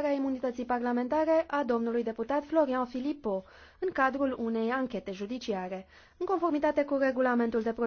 revocarea imunității parlamentare a domnului deputat Florian Filipo în cadrul unei anchete judiciare. În conformitate cu regulamentul de